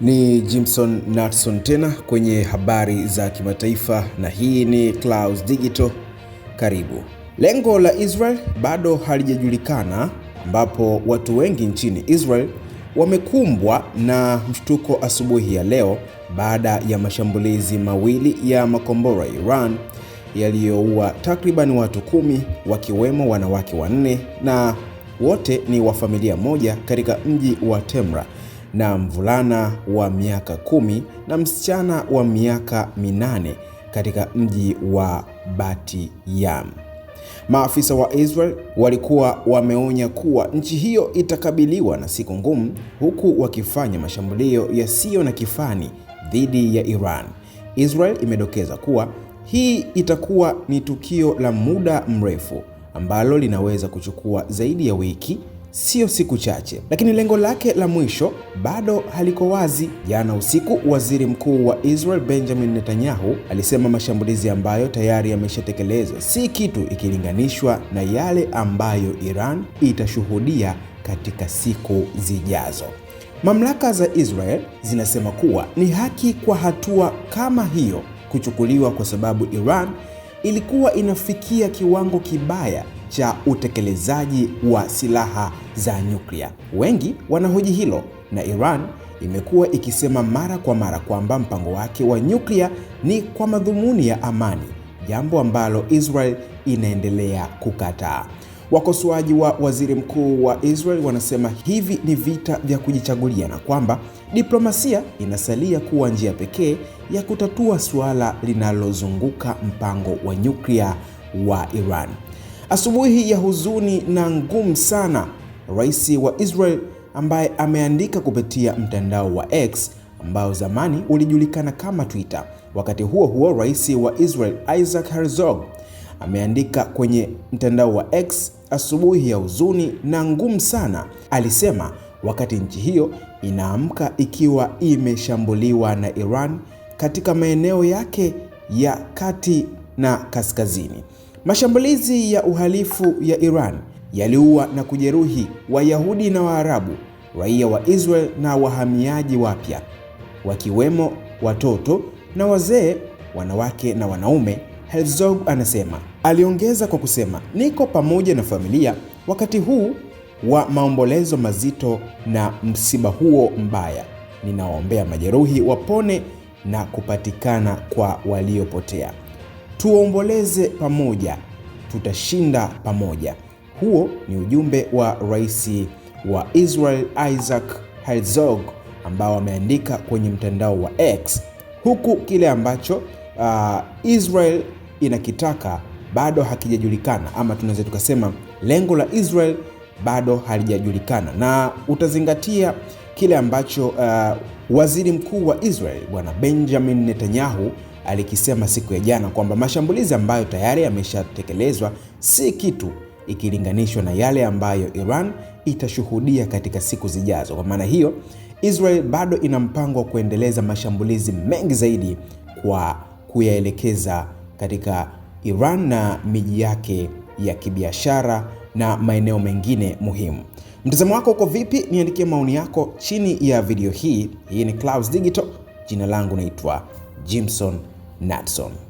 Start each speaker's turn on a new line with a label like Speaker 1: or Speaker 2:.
Speaker 1: Ni Jimson Natson tena kwenye habari za kimataifa na hii ni Clouds Digital. Karibu. Lengo la Israel bado halijajulikana, ambapo watu wengi nchini Israel wamekumbwa na mshtuko asubuhi ya leo baada ya mashambulizi mawili ya makombora ya Iran yaliyoua takriban watu kumi wakiwemo wanawake wanne na wote ni wa familia moja katika mji wa Temra na mvulana wa miaka kumi na msichana wa miaka minane katika mji wa Bat-Yam. Maafisa wa Israel walikuwa wameonya kuwa nchi hiyo itakabiliwa na siku ngumu, huku wakifanya mashambulio yasiyo na kifani dhidi ya Iran. Israel imedokeza kuwa hii itakuwa ni tukio la muda mrefu ambalo linaweza kuchukua zaidi ya wiki sio siku chache, lakini lengo lake la mwisho bado haliko wazi. Jana usiku, waziri mkuu wa Israel Benjamin Netanyahu alisema mashambulizi ambayo tayari yameshatekelezwa si kitu ikilinganishwa na yale ambayo Iran itashuhudia katika siku zijazo. Mamlaka za Israel zinasema kuwa ni haki kwa hatua kama hiyo kuchukuliwa kwa sababu Iran ilikuwa inafikia kiwango kibaya cha utekelezaji wa silaha za nyuklia. Wengi wanahoji hilo na Iran imekuwa ikisema mara kwa mara kwamba mpango wake wa nyuklia ni kwa madhumuni ya amani, jambo ambalo Israel inaendelea kukataa. Wakosoaji wa waziri mkuu wa Israel wanasema hivi ni vita vya kujichagulia na kwamba diplomasia inasalia kuwa njia pekee ya kutatua suala linalozunguka mpango wa nyuklia wa Iran. Asubuhi ya huzuni na ngumu sana, rais wa Israel ambaye ameandika kupitia mtandao wa X ambao zamani ulijulikana kama Twitter. Wakati huo huo, rais wa Israel Isaac Herzog ameandika kwenye mtandao wa X, asubuhi ya huzuni na ngumu sana, alisema wakati nchi hiyo inaamka ikiwa imeshambuliwa na Iran katika maeneo yake ya kati na kaskazini. Mashambulizi ya uhalifu ya Iran yaliua na kujeruhi Wayahudi na Waarabu, raia wa Israel na wahamiaji wapya, wakiwemo watoto na wazee, wanawake na wanaume, Herzog anasema. Aliongeza kwa kusema, niko pamoja na familia wakati huu wa maombolezo mazito na msiba huo mbaya. Ninawaombea majeruhi wapone na kupatikana kwa waliopotea tuomboleze pamoja, tutashinda pamoja. Huo ni ujumbe wa rais wa Israel Isaac Herzog ambao ameandika kwenye mtandao wa X, huku kile ambacho uh, Israel inakitaka bado hakijajulikana, ama tunaweza tukasema lengo la Israel bado halijajulikana, na utazingatia kile ambacho uh, waziri mkuu wa Israel bwana Benjamin Netanyahu alikisema siku ya jana kwamba mashambulizi ambayo tayari yameshatekelezwa si kitu ikilinganishwa na yale ambayo Iran itashuhudia katika siku zijazo. Kwa maana hiyo, Israel bado ina mpango wa kuendeleza mashambulizi mengi zaidi kwa kuyaelekeza katika Iran na miji yake ya kibiashara na maeneo mengine muhimu. Mtazamo wako uko vipi? Niandikie maoni yako chini ya video hii. Hii ni Clouds Digital, jina langu naitwa Jimson Natson